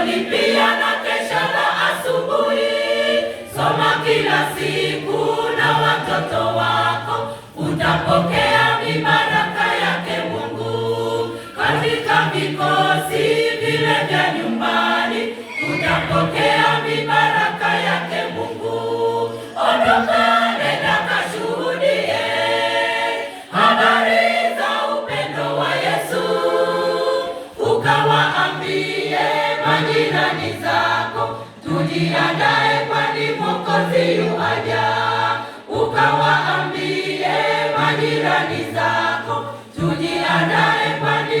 jioni pia na kesha la asubuhi. Soma kila siku na watoto wako, utapokea mibaraka yake Mungu. Katika vikosi vile vya nyumbani, utapokea mibaraka yake Mungu. Ondoka nenda kashuhudie habari za upendo wa Yesu ukawa jirani zako, tujiandae kwani Mwokozi yuaja. Ukawaambie majirani zako, tujiandae kwani